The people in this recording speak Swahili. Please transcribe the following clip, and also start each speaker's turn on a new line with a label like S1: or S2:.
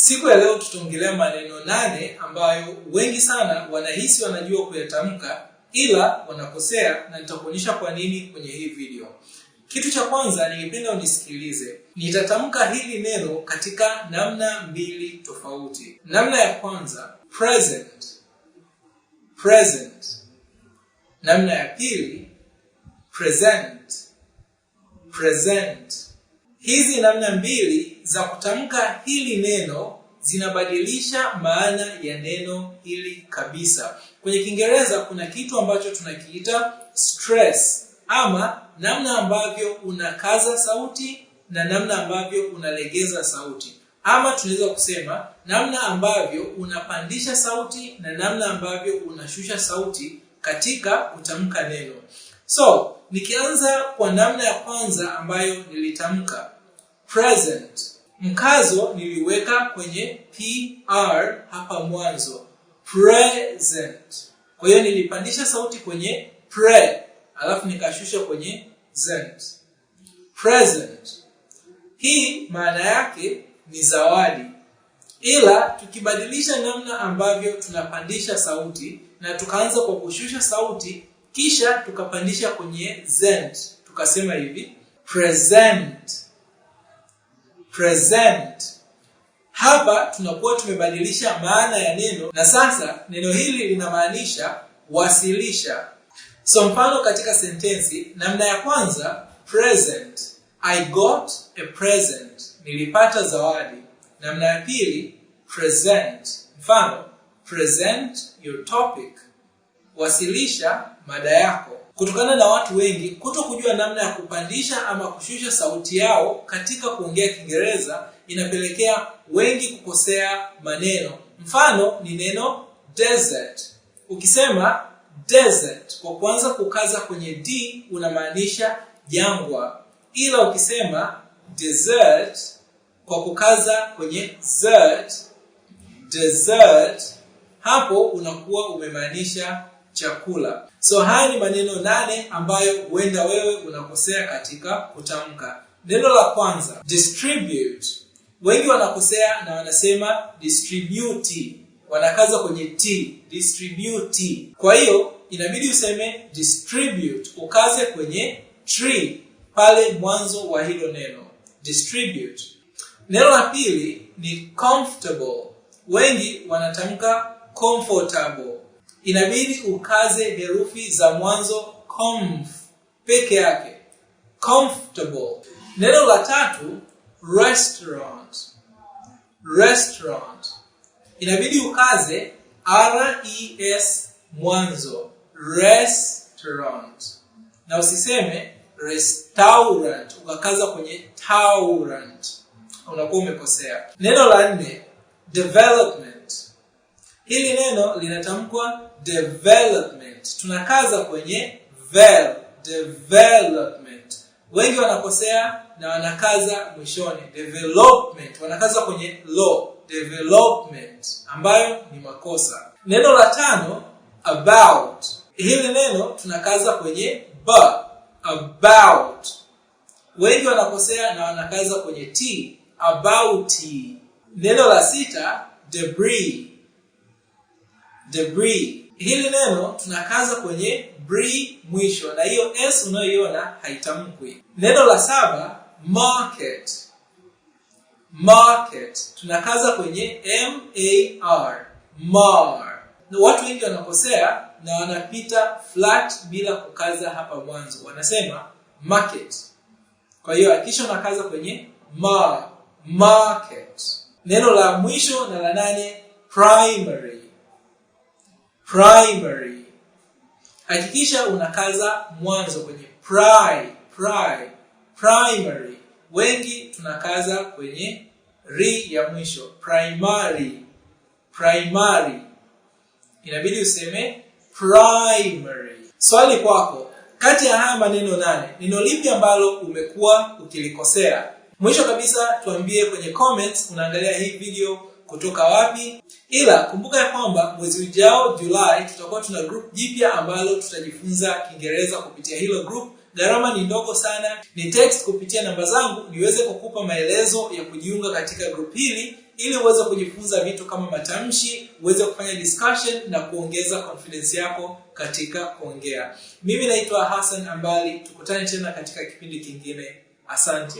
S1: Siku ya leo tutaongelea maneno nane ambayo wengi sana wanahisi wanajua kuyatamka ila wanakosea, na nitakuonyesha kwa nini kwenye hii video. Kitu cha kwanza, ningependa unisikilize. Nitatamka hili neno katika namna mbili tofauti. Namna ya kwanza present, present. Namna ya pili present, present. Hizi namna mbili za kutamka hili neno zinabadilisha maana ya neno hili kabisa. Kwenye Kiingereza kuna kitu ambacho tunakiita stress, ama namna ambavyo unakaza sauti na namna ambavyo unalegeza sauti, ama tunaweza kusema namna ambavyo unapandisha sauti na namna ambavyo unashusha sauti katika kutamka neno. So, nikianza kwa namna ya kwanza ambayo nilitamka present, mkazo niliweka kwenye PR hapa mwanzo, present. Kwa hiyo nilipandisha sauti kwenye pre, alafu nikashusha kwenye zent. Present hii maana yake ni zawadi, ila tukibadilisha namna ambavyo tunapandisha sauti na tukaanza kwa kushusha sauti kisha tukapandisha kwenye zend tukasema hivi present present hapa tunakuwa tumebadilisha maana ya neno na sasa neno hili linamaanisha wasilisha so mfano katika sentensi namna ya kwanza present i got a present nilipata zawadi namna ya pili present mfano present your topic wasilisha mada yako. Kutokana na watu wengi kuto kujua namna ya kupandisha ama kushusha sauti yao katika kuongea Kiingereza, inapelekea wengi kukosea maneno. Mfano ni neno desert. Ukisema desert kwa kuanza kukaza kwenye d, unamaanisha jangwa, ila ukisema desert kwa kukaza kwenye zert, desert, hapo unakuwa umemaanisha chakula. So haya ni maneno nane ambayo huenda wewe unakosea katika kutamka. Neno la kwanza distribute, wengi wanakosea na wanasema distribute, wanakaza kwenye t, distribute. Kwa hiyo inabidi useme distribute, ukaze kwenye tree pale mwanzo wa hilo neno distribute. Neno la pili ni comfortable, wengi wanatamka comfortable inabidi ukaze herufi za mwanzo comf peke yake comfortable neno la tatu restaurant restaurant inabidi ukaze res mwanzo restaurant na usiseme restaurant ukakaza kwenye taurant unakuwa umekosea neno la nne development Hili neno linatamkwa development. Tunakaza kwenye vel, development. Wengi wanakosea na wanakaza mwishoni development, wanakaza kwenye lo, development, ambayo ni makosa. Neno la tano about, hili neno tunakaza kwenye ba, about. Wengi wanakosea na wanakaza kwenye t, about. Neno la sita debris debris. Hili neno tunakaza kwenye bri mwisho, na hiyo s unayoiona haitamkwi. Neno la saba market, market tunakaza kwenye m a r mar. Na watu wengi wanakosea na wanapita flat bila kukaza hapa mwanzo, wanasema market. Kwa hiyo hakikisha unakaza kwenye mar, market. Neno la mwisho na la nane primary primary. Hakikisha unakaza mwanzo kwenye pri, pri, primary. Wengi tunakaza kwenye ri ya mwisho, primary, primary. Inabidi useme primary. Swali kwako, kati ya haya maneno nane, neno lipi ambalo umekuwa ukilikosea? Mwisho kabisa tuambie kwenye comments unaangalia hii video kutoka wapi, ila kumbuka ya kwamba mwezi ujao Julai tutakuwa tuna group jipya ambalo tutajifunza Kiingereza kupitia hilo group. Gharama ni ndogo sana, ni text kupitia namba zangu niweze kukupa maelezo ya kujiunga katika group hili ili uweze kujifunza vitu kama matamshi, uweze kufanya discussion na kuongeza confidence yako katika kuongea. Mimi naitwa Hassan Ambali, tukutane tena katika kipindi kingine. Asante.